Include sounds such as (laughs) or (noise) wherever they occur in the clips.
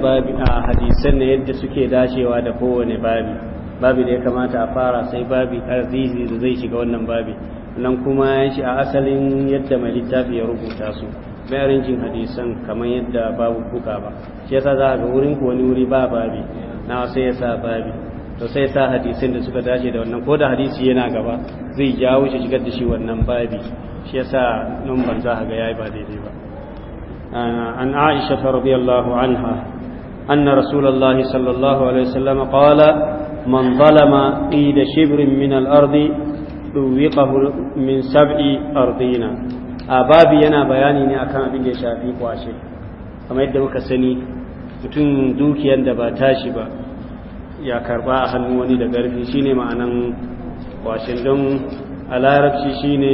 babi a hadisan na yadda suke dashewa da kowane babi babi da ya kamata a fara sai babi arzizi da zai shiga wannan babi nan kuma ya shi a asalin yadda mai littafi ya rubuta su rinjin hadisan kamar yadda babu kuka ba shi yasa za a ga wurin ku wani wuri ba babi na sai ya sa babi to sai sa hadisan da suka dace da wannan ko da hadisi yana gaba zai jawo shi shigar da shi wannan babi shi yasa nan ban za ga yayi ba daidai ba an aisha radiyallahu anha أن رسول الله صلى الله عليه وسلم قال من ظلم قيد شبر من الأرض ɗuwiƙahu min sab'i ardina a babu yana bayani ne akan abin da ya shafi kwashe yadda muka sani mutum dukiyar da ba tashi ba ya karba a hannun wani da garfi shine ma'anan kwashe don a larabci shine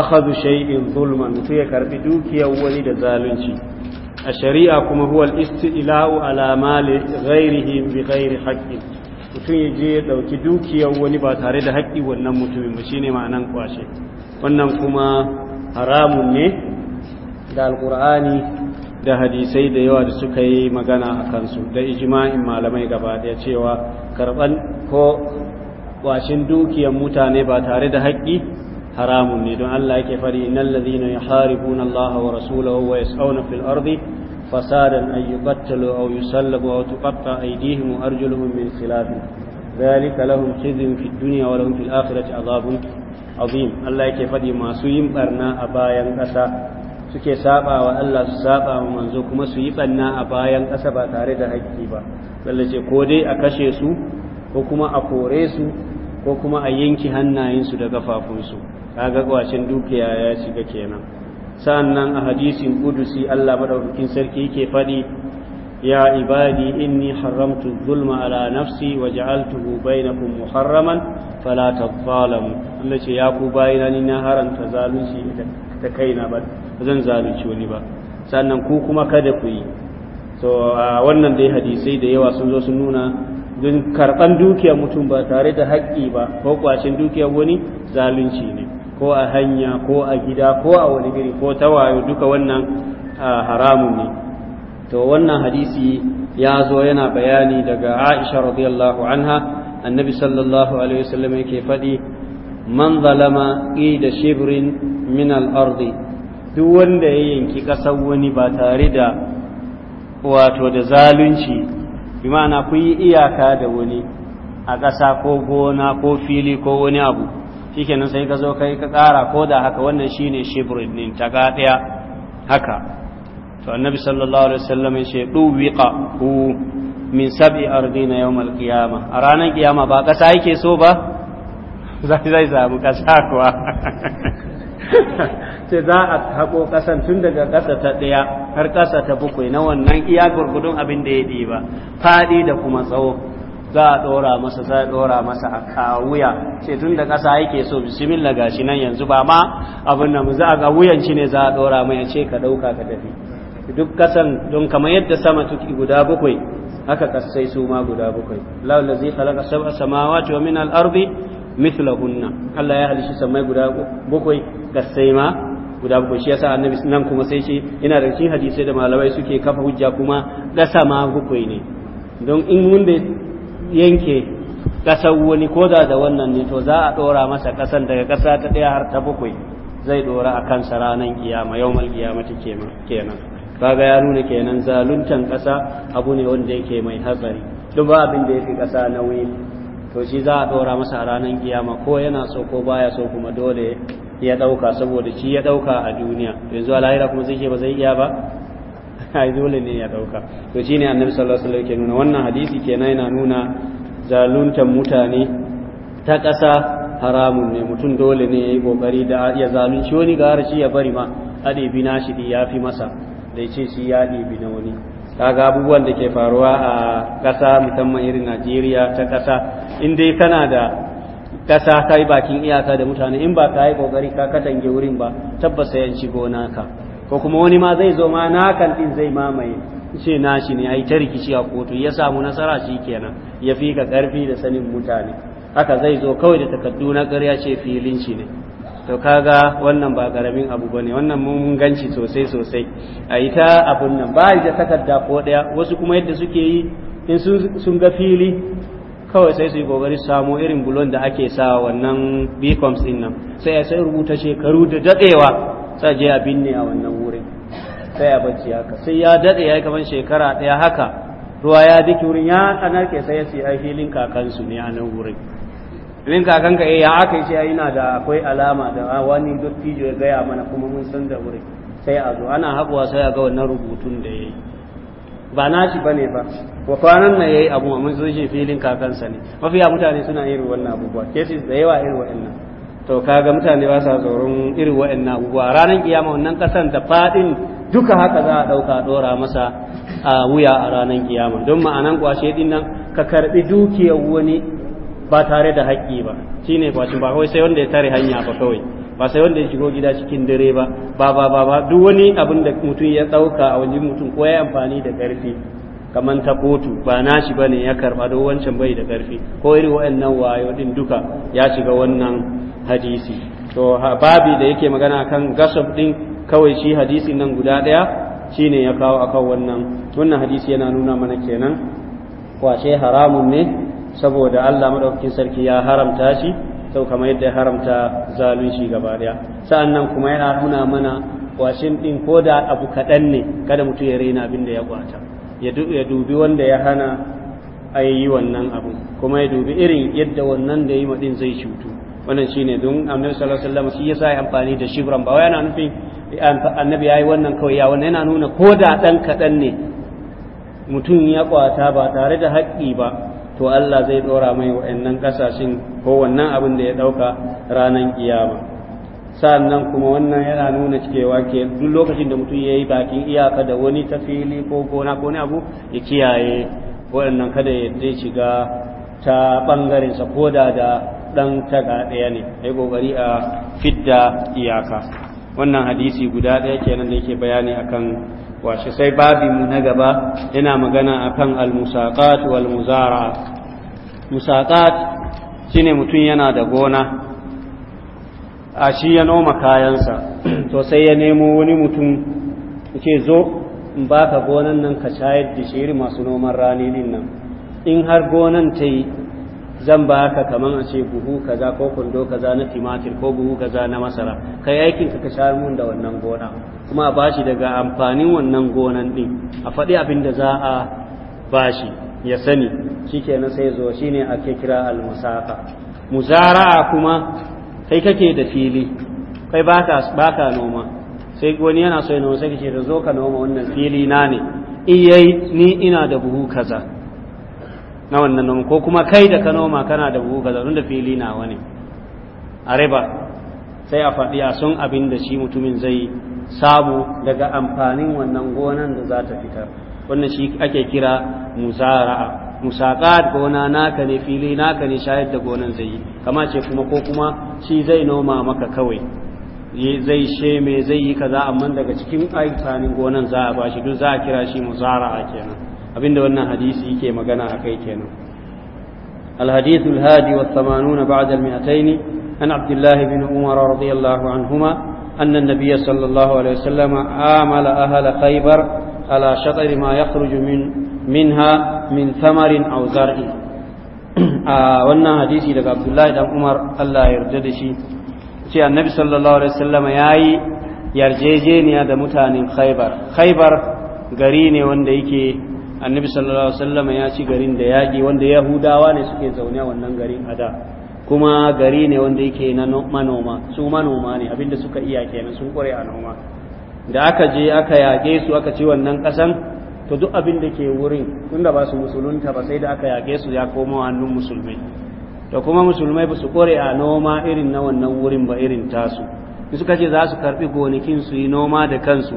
akhadhu shay'in zulman mutum ya karbi dukiyar wani da zalunci a shari'a kuma huwal isti'la'u ala mali ghairihi bi ghairi haqqin mutum ya je ya dauki dukiyar wani ba tare da haƙƙi wannan mutumin ba shine ma'anan kwashe wannan kuma haramun ne da alqur'ani da hadisai da yawa da suka yi magana a kansu da ijma'in malamai gaba daya cewa karban ko kwashin dukiyar mutane ba tare da haƙƙi haramun ne don Allah yake fari innal ladhina yuharibuna Allah wa rasulahu wa yas'una fil ardi fasadan ay yuqattalu aw yusallabu aw tuqatta aydihim wa arjuluhum min khilaf ذلك لهم خزي في الدنيا ولهم في الآخرة عذاب عظيم الله yake fadi masu yin barna a bayan ƙasa suke saba wa Allah su saba wa manzo kuma su yi barna a bayan ƙasa ba tare da haƙƙi ba lalle ce ko dai a kashe su ko kuma a kore su ko kuma a yanki hannayensu da gafafunsu kaga gwacin dukiya ya shiga kenan sannan a hadisin kudusi Allah madaukakin sarki yake faɗi ya ibadi inni haramtu zulma ala nafsi wa ja'altuhu bainakum muharraman fala tadhalamu Allah ce ya ku bayina ni na haranta zalunci ta kaina ba zan zalunci wani ba sannan ku kuma kada ku yi so wannan dai hadisai da yawa sun zo sun nuna don karɓan dukiyar mutum ba tare da haƙƙi ba ko ƙwashin dukiyar wani zalunci ne ko a hanya ko a gida ko a wani gari ko ta wayo duka wannan haramun ne to wannan hadisi ya zo yana bayani daga aisha radiyallahu anha annabi sallallahu alaihi wasallam yake faɗi man zalama da shibrin min al duk wanda ya yanki ƙasar wani ba tare da wato da zalunci bi ma'ana ku yi iyaka da wani a ƙasa ko gona ko fili ko wani abu kenan sai ka zo kai ka ƙara ko da haka wannan ne shibrin din ta ga haka to annabi sallallahu alaihi wasallam ya ce duwiqa hu min sab'i ardina yawmal qiyama a ranar kiyama ba ƙasa yake so ba (laughs) zai zai samu ƙasa kuwa (laughs) ce za a haƙo ƙasan tun daga ƙasa ta ɗaya har ƙasa ta bakwai na wannan iya gurgudun abin da ya ɗiba faɗi da kuma tsawo za a ɗora masa za a ɗora masa a wuya ce tun da ƙasa yake so bismillah gashi nan yanzu ba ma abin nan za a ga wuyanci ne za a ɗora mai ce ka ɗauka ka tafi duk ƙasan don kamar yadda sama tuki guda bakwai haka ƙasai su ma guda bakwai laula zai khalaqa sab'a samawati wa min al-ardi mithlahunna Allah ya halishi samai guda bakwai ƙasai ma guda bakwai shi yasa annabi nan kuma sai shi yana da cikin hadisai da malamai suke kafa hujja kuma ƙasa ma bakwai ne don in wanda yanke ƙasar wani ko da da wannan ne to za a ɗora masa ƙasan daga ƙasa ta ɗaya har ta bakwai zai ɗora a kansa ranar kiyama yau mal kiyamata kenan kaga ya nuna kenan zaluntan ƙasa abu ne wanda yake mai hatsari duk ba abin da ya fi ƙasa nauyi to shi za a ɗora masa a ranar kiyama ko yana so ko baya so kuma dole ya ɗauka saboda shi ya ɗauka a duniya yanzu alahira kuma zai ke ba zai iya ba (laughs) ai dole ne ya ɗauka to ne annabi sallallahu alaihi wasallam ke nuna wannan hadisi ke kenan yana nuna zaluntar mutane ta ƙasa haramun ne mutum dole ne ya yi ƙoƙari da ya zalunci wani ga shi ya bari ma a ɗebi na shi ya fi masa da ce shi ya ɗebi na wani kaga abubuwan da ke faruwa a ƙasa musamman irin najeriya ta ƙasa in dai kana da kasa ta yi bakin iyaka da mutane in ba ka yi ƙoƙari ka katange wurin ba tabbas sai yanci gona ka ko kuma wani ma zai zo ma kan ɗin zai mamaye ce nashi ne ai ta rikici a kotu ya samu nasara shi kenan ya fi ka karfi da sanin mutane haka zai zo kawai da takardu na ƙarya ce filin shi ne to kaga wannan ba ƙaramin abu bane wannan mun ganci sosai sosai a yi ta abun nan ba da takarda ko daya wasu kuma yadda suke yi in sun ga fili kawai sai su yi su samo irin bulon da ake sa wannan beacons din nan sai ya sai rubuta shekaru da dadewa sai je a binne a wannan wurin sai ya bacci haka sai ya dade ya yi kamar shekara daya haka ruwa ya diki wurin ya ke sai ya siya filin kakansu ne a nan wurin filin kakanka eh ya aka ce yana da akwai alama da wani dottijo ya gaya mana kuma mun san da wurin sai a zo ana haƙuwa sai a ga wannan rubutun da ya yi ba nashi bane ba wa kwanan nan yayi abu mun zo shi filin kakansa ne mafiya mutane suna irin wannan abubuwa cases da yawa irin wa'annan to kaga mutane ba sa tsoron irin wa'annan abubuwa ranar kiyama wannan kasan da fadin duka haka za a dauka dora masa a wuya a ranar kiyama don ma'anan kwashe din ka karbi dukiyar wani ba tare da haƙƙi ba shine kwashin ba kawai sai wanda ya tare hanya ba kawai ba sai wanda ya shigo gida cikin dare ba ba ba ba ba duk wani abin da mutum ya ɗauka a wajen mutum ko ya amfani da ƙarfi kamar ta kotu ba nashi ne ya karba don wancan bai da ƙarfi ko irin waɗannan wayo din duka ya shiga wannan hadisi to babi da yake magana kan gasab din kawai shi hadisi nan guda ɗaya shine ya kawo akan wannan wannan hadisi yana nuna mana kenan kwashe haramun ne saboda Allah madaukakin sarki ya haramta shi sau kamar yadda ya haramta zalunci gaba daya nan kuma yana nuna mana kwashin din ko da abu kaɗan ne kada mutum ya raina abin da ya kwata ya dubi wanda ya hana a yi wannan abu kuma ya dubi irin yadda wannan da ya yi maɗin zai cutu wannan shi ne don annabi sallallahu alaihi wasallam shi sa ya amfani da shibran ba yana nufin annabi yi wannan kawai ya wannan yana nuna ko da ɗan kaɗan ne mutum ya kwata ba tare da haƙƙi ba to Allah zai ɗora mai wa'annan ƙasashen ko wannan abin da ya ɗauka ranar kiyama sannan kuma wannan yana nuna cikewa ke duk lokacin da mutum ya yi bakin iyaka da wani ta fili ko gona ko wani abu ya kiyaye waɗannan kada ya zai shiga ta ɓangarensa ko da da ɗan taga ɗaya ne ya yi a fidda iyaka wannan hadisi guda ɗaya kenan da yake bayani akan washe sai mu na gaba yana magana akan al-musaqat wal muzara musaqat shine mutum yana da gona a shi ya noma kayansa (clears throat) to sai ya nemo wani mutum yake zo in baka gonan nan ka shayar da shiri masu noman rani din nan in har gonan ta yi zan baka kaman a ce buhu kaza ko kundo kaza na timatir ko buhu kaza na masara kai aikin ka ka shayar mun da wannan gona kuma a bashi daga amfanin wannan gonan din a faɗi abin da za a bashi ya sani shikenan sai zo shine ake kira al-musafa muzara'a kuma kai kake da fili kai baka ka noma sai wani yana so ya noma sai ce da zo ka noma wannan fili na ne iyai ni ina da buhu kaza na wannan noma ko kuma kai da ka noma kana da buhu kaza da fili na wani a riba sai a faɗi a sun abin da shi mutumin zai samu daga amfanin wannan gonan da za ta fitar wannan shi ake kira musara'a musaqat gona naka ne fili naka ne shayar da gonan zai yi kama ce kuma ko kuma shi zai noma maka kawai zai sheme zai yi kaza amma daga cikin amfanin gonan za a bashi duk za a kira shi musara'a kenan abinda wannan hadisi yake magana akai kenan الحديث الهادي والثمانون بعد المئتين عن عبد الله بن عمر رضي الله عنهما أن النبي صلى الله عليه وسلم آمل أهل خيبر على شطر ما يخرج من منها من ثمر أو زرع wannan hadisi daga Abdullahi dan Umar Allah ya yarda da shi ce annabi sallallahu alaihi wasallam yayi yarjejeniya da mutanen Khaibar Khaibar gari ne wanda yake annabi sallallahu alaihi wasallam ya ci garin da yaƙi wanda Yahudawa ne suke zaune a wannan garin a da kuma gari ne wanda yake na manoma su manoma ne abinda suka iya kenan sun kware a noma da aka je aka yage su aka ci wannan kasan to duk abin da ke wurin tunda ba su musulunta ba sai da aka yage su ya koma hannun musulmai to kuma musulmai ba su kware a noma irin na wannan wurin ba irin tasu in suka ce za su karbi gonakin su yi noma da kansu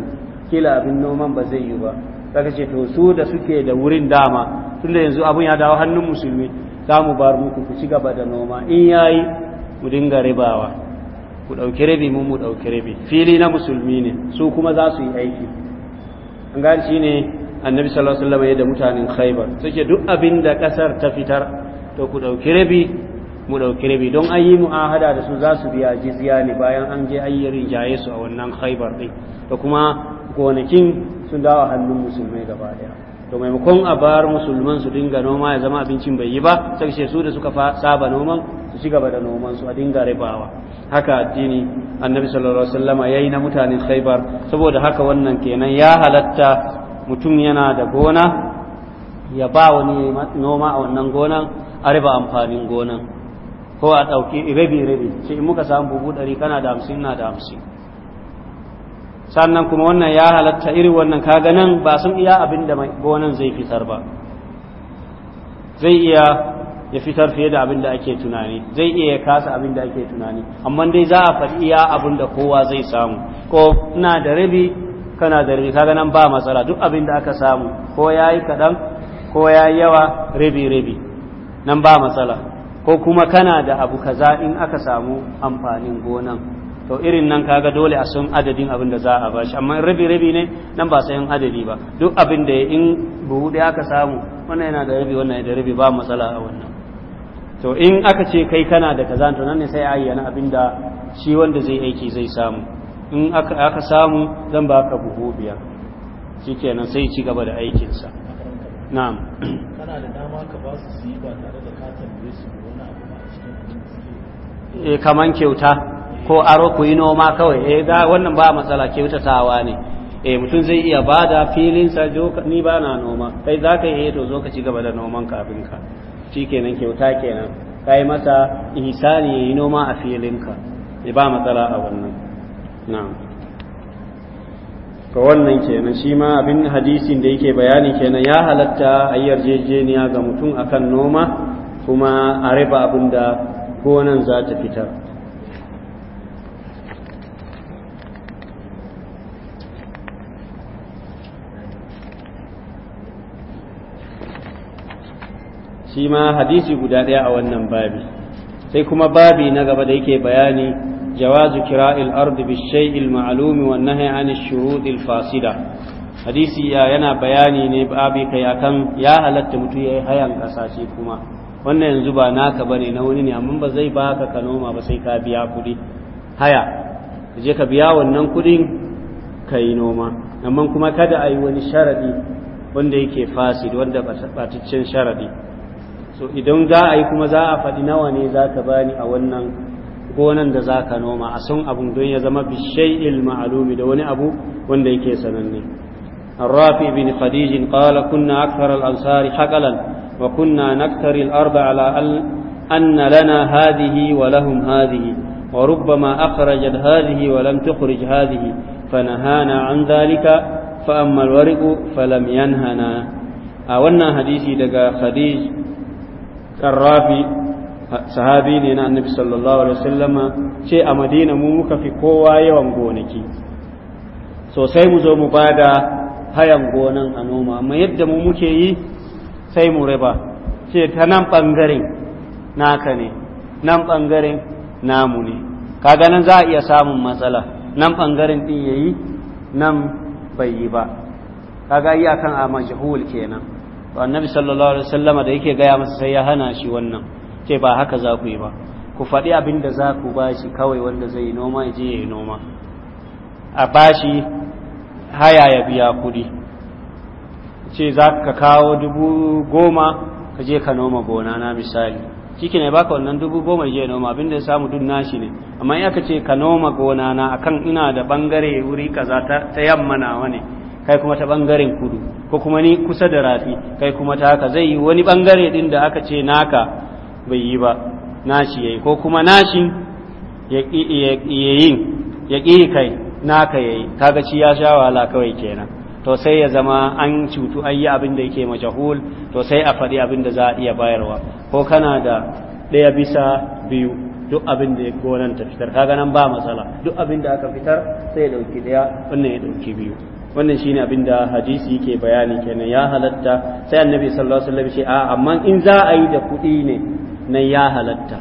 kila abin noman ba zai yi ba saka ce to su da suke da wurin dama tunda yanzu abun ya dawo hannun musulmi za mu bar muku ku ci gaba da noma in yayi mu dinga ribawa ku ɗauki rabi mu mu ɗauki rabi fili na musulmi ne su kuma za su yi aiki an gani shi ne annabi sallallahu alaihi wasallam da mutanen khaibar suke duk abin da ƙasar ta fitar to ku ɗauki rabi mu ɗauki rabi don an yi mu'ahada da su za su biya jizya ne bayan an je an yi rinjaye su a wannan khaibar ɗin da kuma gonakin sun dawo hannun musulmai gaba ɗaya to maimakon a bar musulman su dinga noma ya zama abincin bai yi ba sai su da suka saba noman su ci gaba da noman su a dinga rabawa haka addini annabi sallallahu alaihi wasallama yayi na mutanen khaibar saboda haka wannan kenan ya halatta mutum yana da gona ya ba wani noma a wannan gonan a riba amfanin gonan ko a ɗauki rabi rabi sai in muka samu buhu ɗari kana da hamsin na da hamsin sannan kuma wannan ya halatta irin wannan kaga nan ba sun iya abin da gonan zai fitar ba zai iya ya fitar fiye da abin da ake tunani zai iya ya kasa abin da ake tunani amma dai za a faɗi iya abin da kowa zai samu ko ina da rabi kana da rabi kaga nan ba matsala duk abin da aka samu ko yayi kaɗan ko yayi yawa rabi rabi nan ba matsala ko kuma kana da abu kaza in aka samu amfanin gonan to irin nan kaga dole a san adadin abin da za a bashi amma rabi rabi ne nan ba sai adadi ba duk abin da in buhu da aka samu wannan yana da rabi wannan da rabi ba matsala a wannan to in aka ce kai kana da kaza to nan ne sai ayyana abin da shi wanda zai aiki zai samu in aka aka samu zan ba ka buhu biya shikenan sai ci gaba da aikinsa na'am (coughs) kana da dama ka ba su su yi ba tare da ka tambaye su wani abu a cikin eh, kaman kyauta ko aro ku yi noma kawai eh ga wannan ba matsala kyautatawa ne eh mutum zai iya ba da filinsa ni ba na noma kai za ka yi eh, to zo ka ci gaba da noman kafin ka shi kenan kyauta kenan ka yi masa ihsani yi noma a filin ne eh, ba matsala a wannan na'am to wannan kenan shi ma abin hadisin da yake bayani kenan ya halatta a yarjejeniya ga mutum akan noma kuma a riba abin da gonan za ta fitar shi ma hadisi guda ɗaya a wannan babi sai kuma babi na gaba da yake bayani jawazu kira kira'il ardi bishai'il ma'lumi wa nahi an shuruɗil fasida hadisi yana bayani ne babi kai akan ya halatta mutu yayi hayan kasa shi kuma wannan yanzu ba naka bane na wani ne amma ba zai baka ka noma ba sai ka biya kuɗi haya je ka biya wannan kuɗin kai noma amma kuma kada ayi wani sharadi wanda yake fasid wanda ɓataccen sharadi so idan za a yi kuma za a faɗi nawa ne za ka bani a wannan gonan da za ka noma a son abun don ya zama bishai'il ma'alumi da wani abu wanda yake sananne الرافع بن خديج قال كنا أكثر الأنصار حقلا وكنا نكتري الأرض على أن لنا هذه ولهم هذه وربما أخرجت هذه ولم تخرج هذه فنهانا عن ذلك فأما الورق فلم ينهنا أولنا حديثي دقى خديج Ƙarrafi sahabi ne na annabi sallallahu alaihi wasallama ce a madina mu muka fi kowa yawan gonaki sosai mu zo mu bada hayan gonan a noma amma yadda mu muke yi sai mu riba ce ta nan ɓangaren naka ne nan ɓangaren namu ne kaga nan za a iya samun matsala nan ɓangaren ɗin yayi nan bai yi ba kaga iyakan a majhul kenan annabi sallallahu alaihi wasallama da yake gaya masa sai ya hana shi wannan ce ba haka za ku yi ba ku faɗi abin da za ku ba shi kawai wanda zai yi noma ya je ya yi noma a ba shi haya ya biya kuɗi ce za ka kawo dubu goma ka je ka noma gona na misali ciki ne baka wannan dubu goma je noma abin da ya samu dun nashi ne amma in aka ce ka noma gona na akan ina da bangare wuri kaza ta yamma nawa ne kai kuma ta bangaren kudu ko kuma ni kusa da rafi kai kuma ta haka zai yi wani bangare din da aka ce naka bai yi ba nashi yayi ko kuma nashi ya yin ya kai naka yayi kaga shi ya sha wahala kawai kenan to sai ya zama an cutu an abin da yake majahul to sai a faɗi abin da za a iya bayarwa ko kana da ɗaya bisa biyu duk abin da ya gonan ta fitar kaga nan ba matsala duk abin da aka fitar sai ya ɗauki ɗaya wannan ya ɗauki biyu wannan shine abin da hadisi yake bayani kenan ya halatta sai annabi sallallahu alaihi wasallam ce a amma in za a yi da kuɗi ne na ya halatta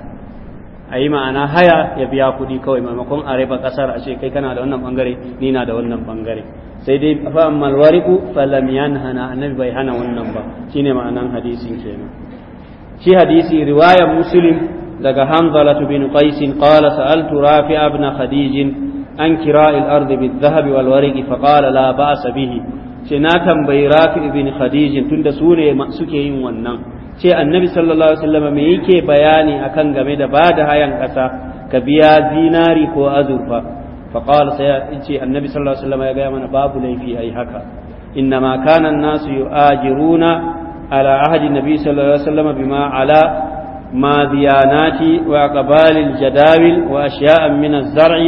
a yi ma'ana haya ya biya kuɗi kawai maimakon a raba ƙasar a ce kai kana da wannan bangare ni na da wannan bangare sai dai fa wariku fa lam yanhana annabi bai hana wannan ba shine ma'anan hadisin kenan shi hadisi riwaya muslim daga hanzalatu bin qais qala sa'altu rafi'a ibn khadijin an kira al-ardi bil zahabi wal-warqi fa qala la ba'sa bihi ce na tambayi rafi ibn khadija tunda su ne suke yin wannan ce annabi sallallahu alaihi wasallam me yake bayani akan game da bada hayan kasa ka biya zinari ko azurfa fa qala sai ce annabi sallallahu alaihi wasallam ya ga mana babu laifi ai haka innama kana an-nasu yu'ajiruna ala ahdi nabi sallallahu alaihi wasallam bima ala jadawil wa الجداول وأشياء من الزرع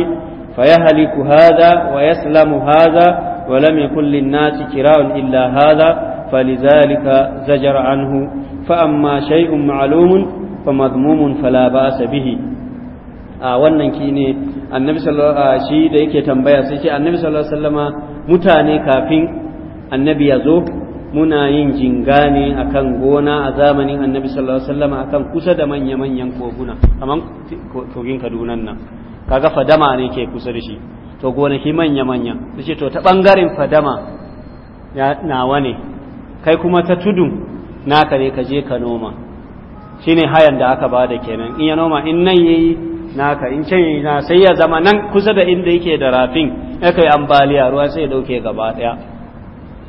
فيهلك هذا ويسلم هذا ولم يكن للناس كراء إلا هذا فلذلك زجر عنه فأما شيء معلوم فمذموم فلا بأس به a wannan ki ne annabi shi da yake tambaya sai ce annabi sallallahu alaihi wasallama mutane kafin annabi ya zo muna yin jinga ne akan gona a zamanin annabi sallallahu alaihi wasallama akan kusa da manya manyan koguna kamar kogin Kaduna nan kaga fadama ne ke kusa da shi to gonaki manya-manya su ce to ta ɓangaren fadama nawa ne kai kuma ta tudun naka ne ka je ka noma shi ne hayan da aka bada kenan in ya noma in nan ya yi naka in can na sai ya zama nan kusa da inda yake da rafin ya kai ambaliya ruwa sai ya ɗauke gaba ɗaya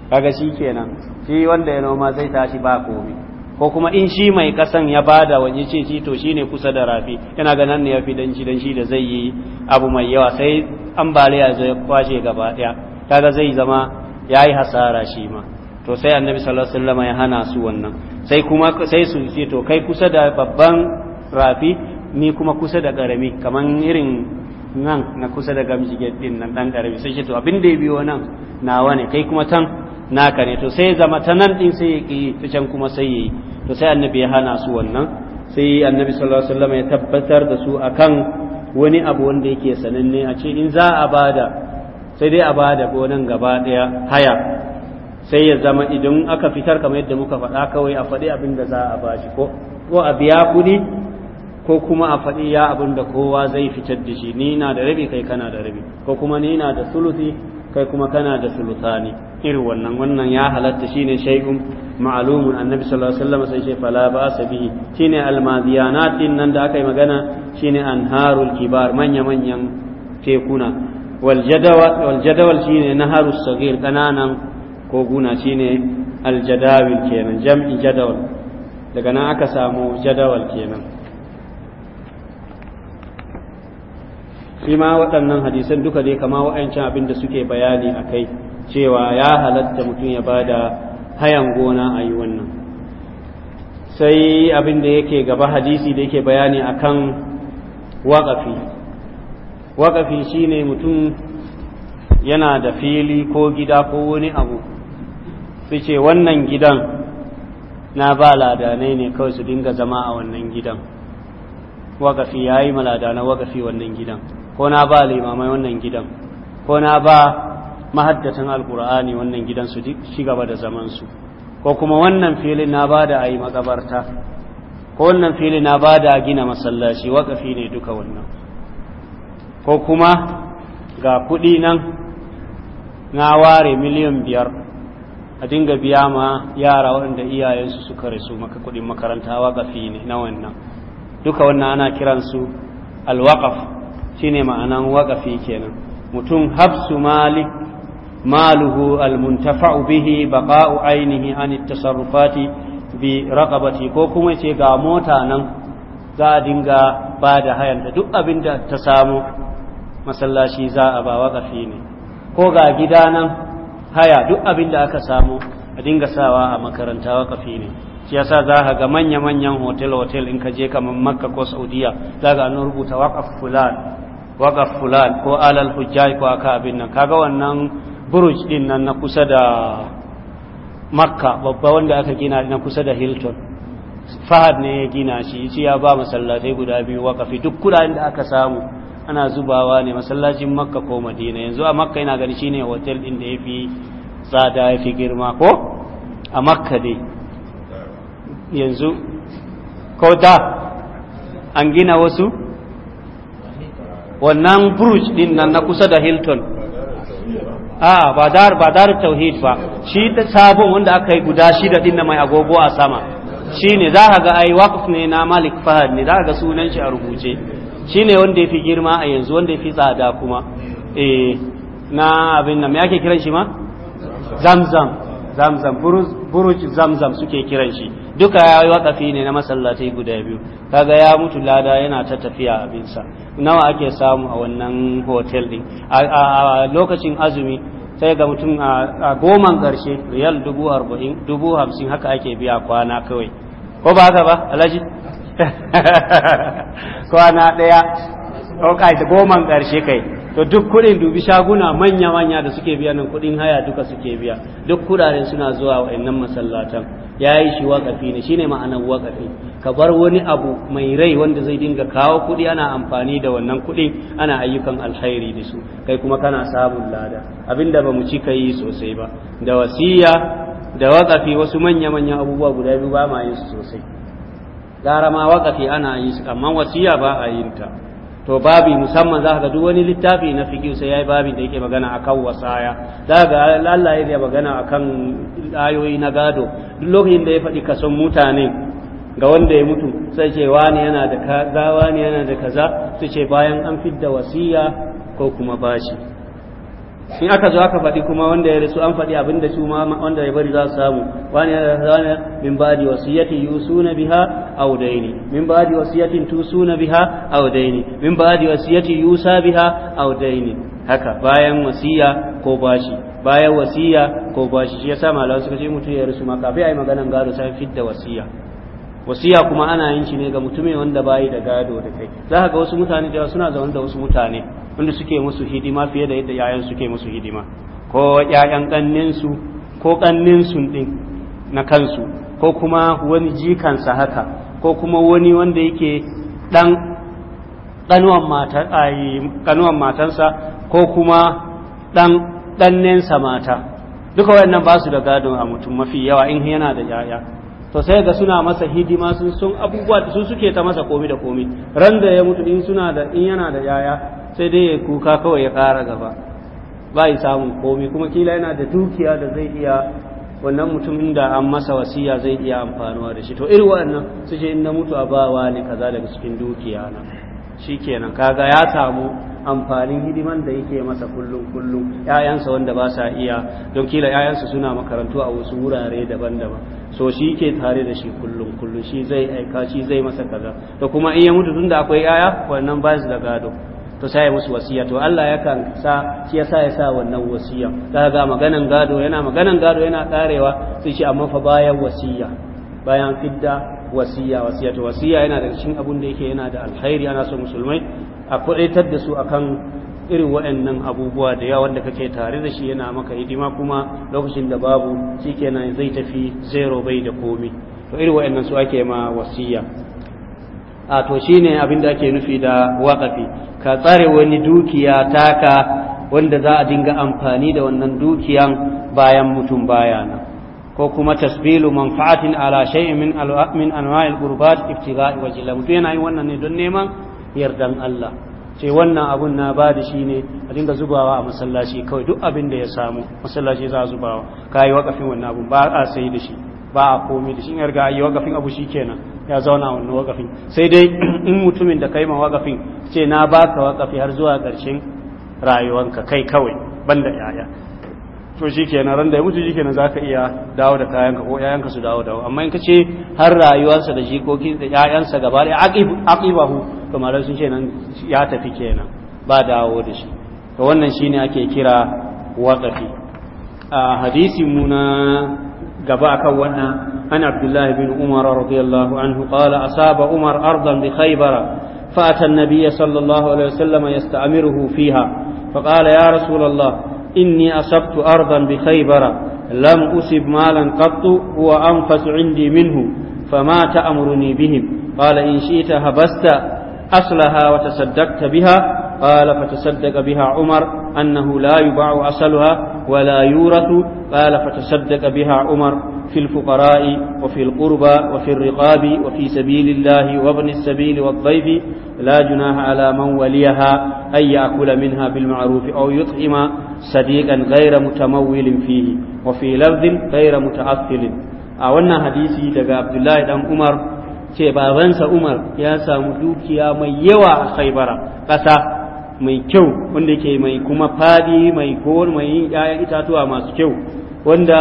kaga shi kenan shi wanda ya noma zai tashi ba komai ko kuma in shi mai kasan ya bada wani ce shi to shine kusa da rafi yana ganin ne yafi danci shi da zai yi abu mai yawa sai ambaliya zai kwashe gaba daya kaga zai zama yayi hasara shi ma to sai annabi sallallahu alaihi wasallam ya hana su wannan sai kuma sai su ce to kai kusa da babban rafi ni kuma kusa da karami kaman irin nan na kusa da gamji din nan dan karami sai ce to abin da ya biyo nan nawa ne kai kuma tan naka ne to sai zama ta nan din sai ya ki ta can kuma sai yi to sai annabi ya hana su wannan sai annabi sallallahu alaihi wasallam ya tabbatar da su akan wani abu wanda yake sananne a ce in za a bada sai dai a bada gonan gaba daya haya sai ya zama idan aka fitar kamar yadda muka faɗa kawai a faɗi abin da za a bashi ko ko a biya kuɗi ko kuma a faɗi ya abin da kowa zai fitar da shi ni na da rabi kai kana da rabi ko kuma ni na da sulusi kai kuma kana da sulutani irin wannan wannan ya halatta shine shay'un ma'lumun annabi sallallahu alaihi wasallam sai ce fala ba'sa bihi shine nan da aka yi magana shine anharul kibar manya manyan tekuna wal jadawa wal jadawal shine naharus kananan koguna shine al jadawil kenan jam'i jadawal daga nan aka samu jadawal kenan shi ma waɗannan hadisan duka dai kama wa'ancan abin da suke bayani a kai cewa ya halatta mutum ya ba da hayan gona a yi wannan sai abin da yake gaba hadisi da yake bayani a kan waƙafi waƙafi shi ne mutum yana da fili ko gida ko wani abu su ce wannan gidan na ba ladanai ne kawai su dinga zama a wannan gidan waƙafi ya yi maladanan waƙafi wannan gidan ko na ba limamai wannan gidan ko na ba mahaddatan alkur'ani wannan gidan su ci gaba da zaman su ko kuma wannan filin na ba da ayi makabarta ko wannan filin na ba da gina masallaci wakafi ne duka wannan ko kuma ga kuɗi nan na ware miliyan biyar a dinga biya ma yara waɗanda iyayensu suka rasu maka kuɗin makaranta wakafi ne na wannan duka wannan ana kiransu alwaƙaf shine ma'anan waƙafi kenan mutum habsu malik maluhu almuntafa'u bihi baqa'u ainihi an tasarrufati bi raqabati ko kuma ce ga mota nan za a dinga ba da hayanta duk abin da ta samu masallaci za a ba waƙafi ne ko ga gida nan haya duk abin da aka samu a dinga sawa a makaranta waƙafi ne shi yasa za ka ga manya-manyan hotel-hotel in ka je kamar makka ko saudiya za ka an rubuta waƙaf fulan waga fulan ko alal hujjaj ko aka abin nan kaga wannan buruj din nan na kusa da makka babba wanda aka gina na kusa da hilton fahad ne ya gina shi shi ya ba masallatai guda biyu fi duk kudaden da aka samu ana zubawa ne masallacin makka ko madina yanzu a makka yana gani shine hotel din da yafi tsada yafi girma ko a makka dai yanzu ko da an gina wasu wannan bruce din nan na kusa da hilton a ba dar ba dar tauhid ba shi ta sabon wanda aka yi guda shida din mai agogo a sama shine za ka ga ai waqf ne na malik fahad ne za ka ga sunan shi a rubuce shine wanda ya fi girma a yanzu wanda ya fi tsada kuma eh na abin nan me ake kiran shi ma zamzam zamzam buruj zamzam suke kiran shi duka ya yi waƙafi ne na masallatai guda biyu kaga ya mutu lada yana ta tafiya abinsa nawa ake samu a wannan hotel din a lokacin azumi sai ga mutum a goman ƙarshe riyal dubu arba'in dubu hamsin haka ake biya kwana kawai ko ba haka ba alhaji (laughs) kwana ɗaya ko kai goman ƙarshe kai to duk kudin dubi shaguna manya-manya da suke biya nan kudin haya duka suke biya duk kuɗaɗen suna zuwa wa'annan masallatan yayi shi waqafi ne shine ma'anar waqafi ka bar wani abu mai rai wanda zai dinga kawo kuɗi ana amfani da wannan kudin, ana ayyukan alkhairi da su kai kuma kana samun lada abinda ba mu ci ka yi sosai ba da wasiya da waqafi wasu manya manya abubuwa guda biyu ba ma yin su sosai gara ma ana yi amma wasiya ba a yin ta to babi musamman za ga duk wani littafi na fiqh sai yayi babi da yake magana akan wasaya za ga Allah ya magana akan ayoyi na gado duk lokacin da ya faɗi kason mutane ga wanda ya mutu sai ce wani yana da kaza wani yana da kaza su ce bayan an fidda wasiya ko kuma bashi in aka zo aka faɗi kuma wanda ya rasu an faɗi abin da su ma wanda ya bari za su samu wani zana min ba'di wasiyatin yusuna biha aw daini min ba'di wasiyatin tusuna biha aw daini min ba'di wasiyatin yusa biha aw daini haka bayan wasiya ko bashi bayan wasiya ko bashi shi yasa malawa suka ce mutum ya rasu ma a ai maganan gado sai fidda wasiya wasiya kuma ana yin shi ne ga mutumin wanda bayi da gado da kai za ka ga wasu mutane da suna zaune da wasu mutane wanda suke musu hidima fiye da yadda yayan suke musu hidima ko yayan kanninsu ko kanninsu din na kansu ko kuma wani jikansa haka ko kuma wani wanda yake dan kanuwan matansa ko kuma dan ɗannensa mata duka wayannan ba su da gado a mutum mafi yawa in yana da yaya to sai ga suna masa hidima sun sun abubuwa su suke ta masa komi da komi ran da ya mutu in suna da in yana da yaya sai dai ya kuka kawai ya ƙara gaba ba yi samun komi kuma kila yana da dukiya da zai iya wannan mutumin da an masa wasiya zai iya amfanuwa da shi to irin wannan su ce in na mutu a bawa ne kaza daga cikin dukiya na shi kenan kaga ya samu amfanin hidiman da yake masa kullum kullum ƴaƴansa wanda ba sa iya don kila ƴaƴansa suna makarantu a wasu wurare daban-daban so shi ke tare da shi kullum kullum shi zai aika shi zai masa kaza da kuma in ya mutu tunda akwai ƴaƴa wannan ba su da gado to sai musu wasiya to Allah ya kan sa shi yasa ya sa wannan wasiya kaga maganan gado yana maganan gado yana karewa sai shi amma fa bayan wasiya bayan fidda wasiya wasiya to wasiya yana da cikin abun da yake yana da alkhairi ana so musulmai a kuɗaitar da su akan irin waɗannan abubuwa da yawa wanda kake tare da shi yana maka hidima kuma lokacin da babu shikenan zai tafi zero bai da komi to irin waɗannan su ake ma wasiya a to shine abin da ake nufi da waƙafi ka tsare wani dukiya taka wanda za a dinga amfani da wannan dukiyan bayan mutum bayana ko kuma tasbilu manfa'atin ala shay'in min al-amin anwa'il qurbat ibtiga'i wa mutum yana yi wannan ne don neman yardan Allah sai wannan abun na ba da shi ne a dinga zubawa a masallaci kawai duk abin da ya samu masallaci za a zubawa kai wakafin wannan abun ba a sai da shi ba a komi da shi in yarga ayi wakafin abu shikenan ya zauna wannan wakafin sai dai (clears throat) in mutumin da kai ma wakafin ce na ba ka wakafi har zuwa ƙarshen rayuwanka kai kawai ban da yaya to shikenan ran da ya mutu za ka iya dawo da kayanka ko yayanka su dawo dawo amma in ka ce har rayuwarsa da jikokin da yayansa gaba da aqibahu to malam sun ce nan ya tafi kenan ba dawo da shi to wannan shine ake kira wakafi a hadisi mu na gaba akan wannan عن عبد الله بن عمر رضي الله عنه قال أصاب عمر أرضا بخيبر فأتى النبي صلى الله عليه وسلم يستأمره فيها فقال يا رسول الله إني أصبت أرضا بخيبر لم أصب مالا قط هو أنفس عندي منه فما تأمرني بهم قال إن شئت هبست أصلها وتصدقت بها قال فتصدق بها عمر أنه لا يباع عسلها ولا يورث قال فتصدق بها عمر في الفقراء وفي القربى وفي الرقاب وفي سبيل الله وابن السبيل والضيف لا جناح على من وليها أن يأكل منها بالمعروف أو يطعم صديقا غير متمول فيه وفي لفظ غير متأثل أولنا آه، حديثي لقى عبد الله بن عمر سيبا غنس عمر يا samu يا mai yawa a mai kyau wanda yake mai kuma fadi mai kowar mai yin itatuwa masu kyau wanda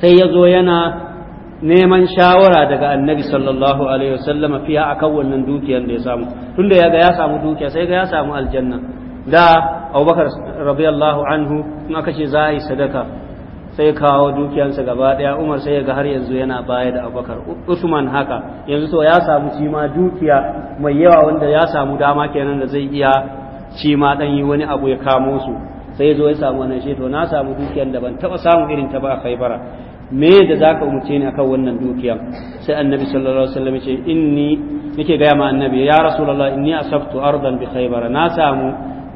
sai ya zo yana neman shawara daga annabi sallallahu alaihi wasallama fiya akan wannan dukiyar da ya samu tunda ya ga ya samu dukiya sai ga ya samu aljanna da abubakar radiyallahu anhu in aka ce za a yi sadaka sai kawo dukiyarsa gaba daya umar sai ya ga har yanzu yana baya da abubakar usman haka yanzu to ya samu shi dukiya mai yawa wanda ya samu dama kenan da zai iya shi ma dan yi wani abu ya kamo su sai zo ya samu wannan shi to na samu dukiyar da ban taba samu irin ta ba a bara me da zaka wuce ni akan wannan dukiyar sai annabi sallallahu alaihi wasallam ya ce inni nake ga ma annabi ya rasulullah inni asabtu ardan bi Khaibara na samu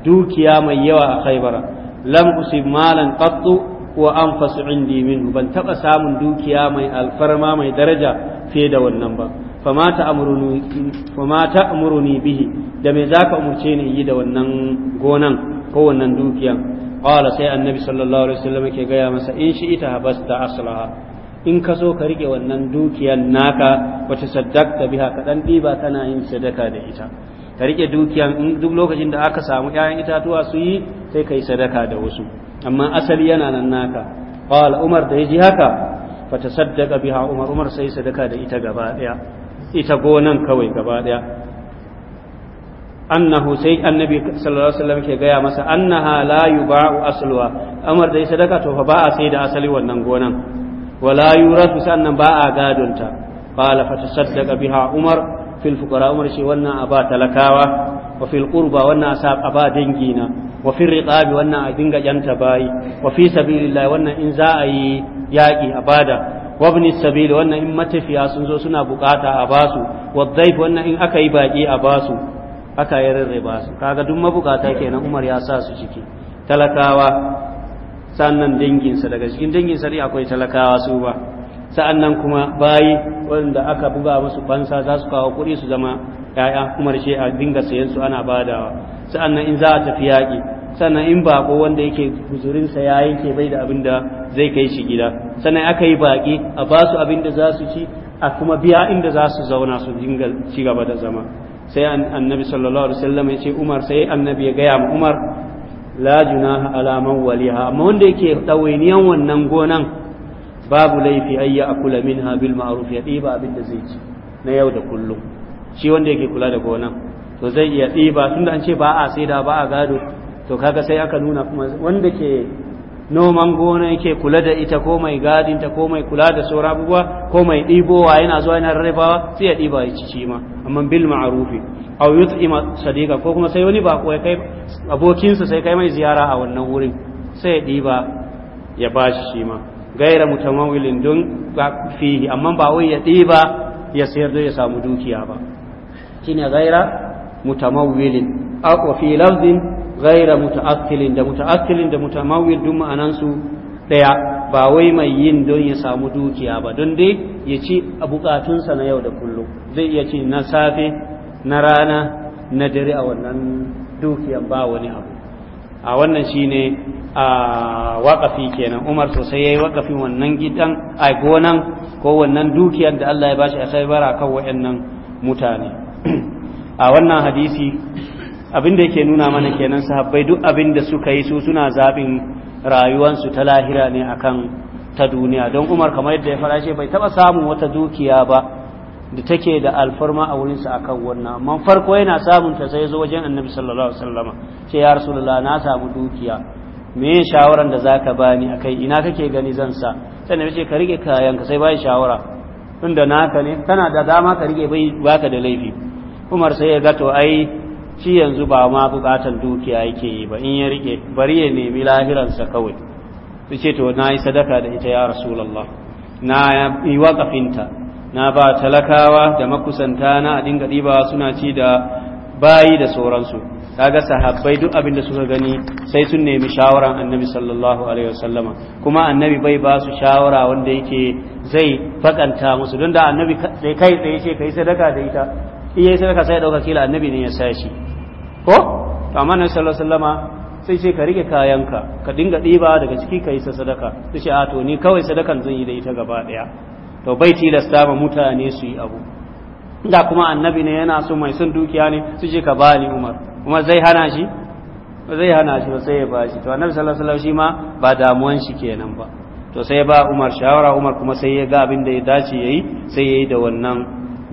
dukiya mai yawa a Khaibara lam usib malan qattu wa anfasu indi minhu ban taba samun dukiya mai alfarma mai daraja fiye da wannan ba Famata ta ni bihi da me zaka umurce ni yi da wannan gonan ko wannan dukiyan ƙwala sai annabi sallallahu alaihi wasallam ke gaya masa in shi ita da aslaha in ka so ka riƙe wannan dukiyan naka wace saddaqta biha ka ɗan ɗiba kana yin sadaka da ita ka riƙe dukiyan in duk lokacin da aka samu 'ya'yan itatuwa su yi sai ka yi sadaka da wasu amma asali yana nan naka ƙwala umar da ya ji haka bi biha umar umar sai sadaka da ita gaba ɗaya ita gonan kawai gaba daya annahu sai annabi sallallahu alaihi wasallam ke gaya masa annaha la yuba'u asluha amar da sadaka to fa ba sai da asali wannan gonan wala yurasu sannan ba'a gadunta gadonta qala fa tasaddaqa biha umar fil fuqara umar shi wannan aba talakawa wa fil qurba wannan asa aba dangina wa fil riqabi wannan a dinga yanta bayi wa fi sabilillah wannan in za a yi yaƙi abada wabni sabili wannan in matafiya sun zo suna bukata a basu wannan in aka yi baki a basu aka yi rarraba su kaga duk mabukata kenan Umar ya sa su ciki talakawa sannan danginsa daga cikin danginsa dai akwai talakawa su ba sa'annan kuma bayi wanda aka buga musu fansa za su kawo kuɗi su zama ya'ya Umar shi a dinga sayen su ana badawa sa'annan in za a tafi yaƙi sannan in bako wanda yake guzurinsa ya yanke bai da abin da zai kai shi gida sannan aka yi baki a ba su abin da za su ci a kuma biya inda za su zauna su dinga ci gaba da zama sai annabi sallallahu alaihi wasallam ya ce umar sai annabi ya gaya ma umar la junaha ala man waliha amma wanda yake dawainiyan wannan gonan babu laifi ayya akula minha bil ma'ruf ya diba abin da zai ci na yau da kullum shi wanda yake kula da gonan to zai iya ɗiba tunda an ce ba a saida ba a gado to kaga sai aka nuna kuma wanda ke noman gona yake kula da ita ko mai gadinta ko mai kula da sauran abubuwa ko mai ɗibowa yana zuwa yana rarrabawa sai ya ɗiba ya cici ma amma bil ma'rufi aw yut'ima sadiqa ko kuma sai wani bako ya kai sa sai kai mai ziyara a wannan wurin sai ya ɗiba ya ba shi shi ma gaira mutamawilin don fihi amma ba wai ya ɗiba ya sayar da ya samu dukiya ba shine gaira mutamawilin aqwa fi lafzin gaira muta'akkilin da muta'akkilin da mutamawwil duk ma'anansu ɗaya ba wai mai yin don ya samu dukiya ba don dai ya ci a bukatunsa na yau da kullum zai iya ci na safe na rana na dare a wannan dukiyan ba wani abu a wannan shine a waƙafi kenan umar sosai ya yi waƙafin wannan gidan a gonan ko wannan dukiyar da allah ya bashi a kai a kan waɗannan mutane a wannan hadisi abin da yake nuna mana kenan sahabbai duk abin da suka yi su suna zaɓin rayuwansu ta lahira ne akan ta duniya don umar kamar yadda ya fara ce bai taɓa samun wata dukiya ba da take da alfarma a wurinsa akan wannan amma farko yana samun ta sai zo wajen annabi sallallahu alaihi wasallama ce ya rasulullah na samu dukiya me shawaran da zaka bani akai ina kake gani zan sa sai ce ka rike kayan ka sai bai shawara tunda naka ne kana da dama ka rike bai baka da laifi umar sai ya ga to ai shi yanzu ba ma bukatan dukiya yake yi ba in ya rike bari ya nemi lahiransa kawai su ce to na yi sadaka da ita ya rasulallah na yi waƙafinta na ba talakawa da makusanta na a dinga ɗiba suna ci da bayi da sauransu kaga sahabbai duk abin da suka gani sai sun nemi shawaran annabi sallallahu alaihi wasallama kuma annabi bai ba su shawara wanda yake zai fakanta musu don da annabi kai tsaye ce kai sadaka da ita iya sadaka sai ya dauka kila annabi ne ya sa shi ko to amma nan sallallahu alaihi wasallama sai ce ka rike kayanka ka dinga ɗiba daga ciki ka yi sadaka sai ce a to ni kawai sadakan zan yi da ita gaba daya to bai tilasta ma mutane su yi abu da kuma annabi ne yana so mai son dukiya ne su ce ka bani umar kuma zai hana shi zai hana shi ba sai ya ba shi to annabi sallallahu alaihi wasallam shi ma ba damuwan shi kenan ba to sai ba umar shawara umar kuma sai ya ga abin da ya dace yayi sai yayi da wannan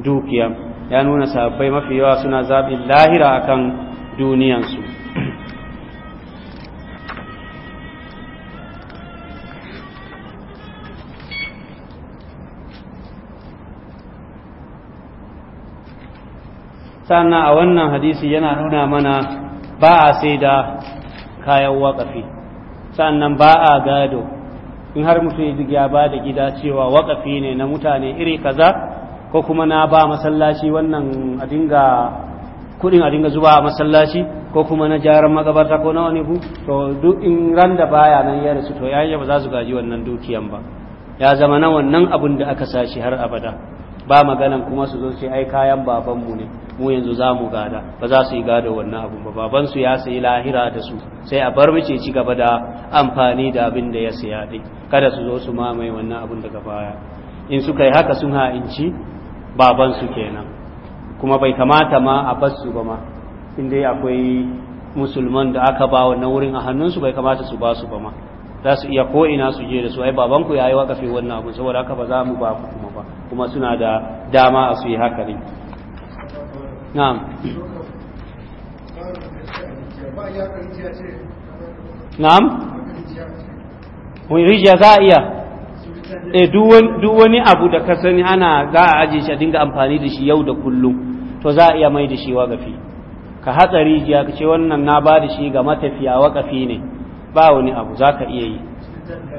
dukiya ya nuna sahabbai mafi yawa suna zaɓin lahira akan duniyansu sannan a wannan hadisi yana nuna mana ba a sai da kayan waƙafi sannan ba a gado in har mutum ya ba da gida cewa waƙafi ne na mutane iri kaza ko kuma na ba masallaci wannan a dinga kudin a dinga zuba a masallaci ko kuma na jaran magabarta ko na wani ku to duk in ran da baya nan ya rasu to yayin ba za su gaji wannan dukiyan ba ya zama na wannan abun da aka sashi har abada ba maganan kuma su zo ce ai kayan babanmu ne mu yanzu za mu gada ba za su yi gado wannan abun ba babansu ya sayi lahira da su sai a bar mace ci gaba da amfani da abin da ya saya ɗin kada su zo su mamaye wannan abun daga baya in suka yi haka sun ha'inci baban su kenan kuma bai kamata ma a basu ba ma inda akwai musulman da aka ba wannan wurin a hannunsu bai kamata su ba su ba ma za su iya ko ina su je da su ai babanku ya yi wakafe wannan abu saboda haka ba za mu ba ku kuma ba kuma suna da dama a su yi haka ne na'am na'am rijiya za a iya eh duk wani abu da ka sani ana za a ajiye shi a dinga amfani da shi yau da kullum to za a iya mai da shi waƙafi ka hatsa rijiya ka ce wannan na ba da shi ga matafiya waƙafi ne ba wani abu za ka iya yi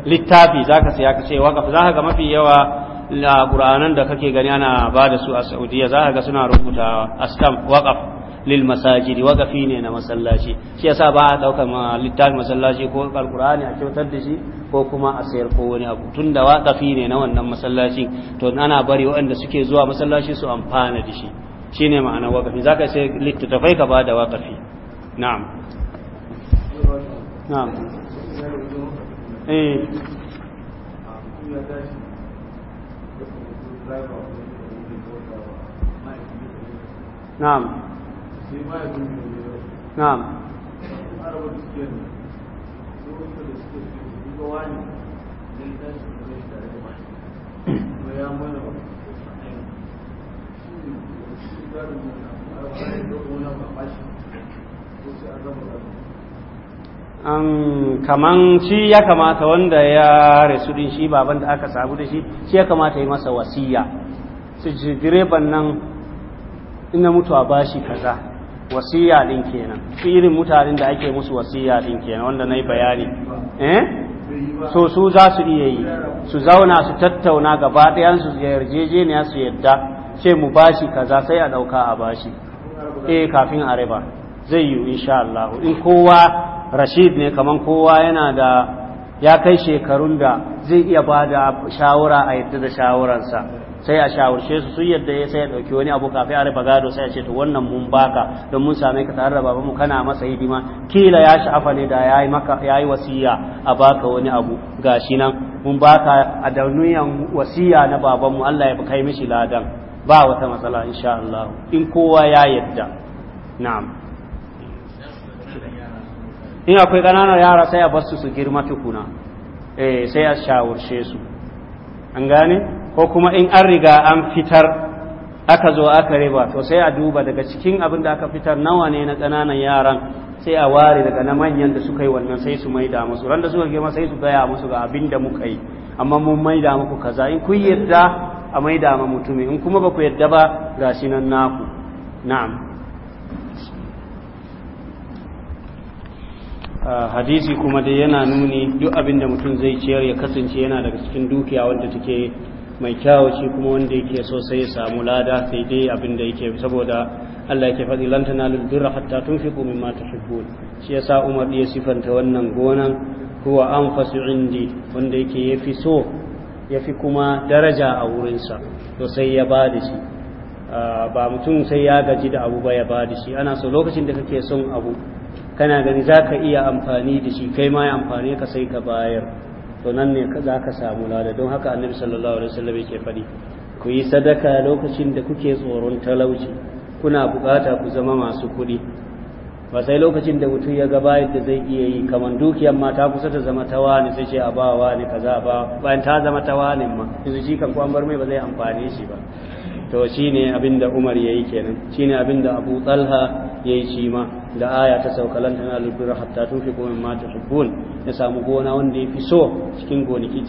littafi za ka siya ka ce waƙafi za ka ga mafi yawa a ƙura'anan da kake gani ana ba da su a saudiya za ka ga suna rubuta astam waƙaf lil masajidi waqafi ne na masallaci shi yasa ba a ɗaukar ma masallaci ko alƙur'ani a kyautar da shi ko kuma a sayar ko wani abu tun tunda waqafi ne na wannan masallaci to ana bari waɗanda suke zuwa masallaci su amfana da shi shine ma'anar waqafi zaka sai littattafai ka da waqafi na'am na'am eh na'am na'am ya Um, kaman shi ya kamata wanda ya rasu din shi baban da aka samu da shi shi ya kamata yi masa wasiya su ji direban nan ina mutuwa ba shi kaza wasiya din kenan su irin mutanen da ake musu wasiya din kenan wanda na yi bayani eh so su za su iya yi su zauna su tattauna gaba ɗayan su yarjejeniya su yadda ce mu bashi kaza sai a ɗauka a bashi eh kafin a riba zai yi insha Allah in kowa Rashid ne kaman kowa yana da ya kai shekarun da zai iya ba da shawara a yadda da shawararsa sai a shawarce su su yadda ya sai ya dauki wani abu kafi a riba gado sai a ce to wannan mun baka don mun same ka tare da babanmu kana masa hidima kila ya sha'afa ne da yayi maka yayi wasiya a baka wani abu gashi nan mun baka a daunuyan wasiya na babanmu Allah ya kai mishi ladan ba wata matsala insha Allah in kowa ya yadda na'am in akwai ƙananan yara sai a basu su girma tukuna eh sai a shawarce su an gane ko kuma in an riga an fitar aka zo aka riba to sai a duba daga cikin abin da aka fitar nawa ne na ƙananan yaran sai a ware daga na manyan da suka yi wannan sai su maida musu ran suka girma sai su gaya musu ga abin da muka yi amma mun maida muku kaza in kun yarda a maida ma mutumi in kuma ba ku yadda ba shi nan naku na'am ah, hadisi kuma dai yana nuni duk abin da mutum zai ciyar ya kasance yana daga cikin dukiya wanda take mai kyawu kuma wanda yake so sai ya samu lada sai dai abin da yake saboda Allah yake faɗi lan tanalul birra hatta tunfiqu mimma tuhibbun shi yasa Umar ya sifanta wannan gonan huwa anfasu indi wanda yake yafi so ya fi kuma daraja a wurinsa to sai ya ba da shi ba mutum sai ya gaji da abu ba ya ba da shi ana so lokacin da kake son abu kana gani za ka iya amfani da shi kai ma ya amfani ka sai ka bayar to nan ne za ka samu lada don haka annabi sallallahu alaihi wasallam yake faɗi ku yi sadaka lokacin da kuke tsoron talauci kuna bukata ku zama masu kuɗi ba sai lokacin da mutum ya gaba yadda zai iya yi kamar dukiyar ma ta kusa ta zama ta wani sai ce a ba wani kaza ba bayan ta zama ta wani ma yanzu shi kan an bar mai ba zai amfani shi ba to shine abin da Umar yayi kenan shine abin da Abu Talha yayi shi ma da aya ta sauka lan tanalul birra hatta tunfiqu mimma tuhibbun ya samu gona wanda yafi so cikin gonaki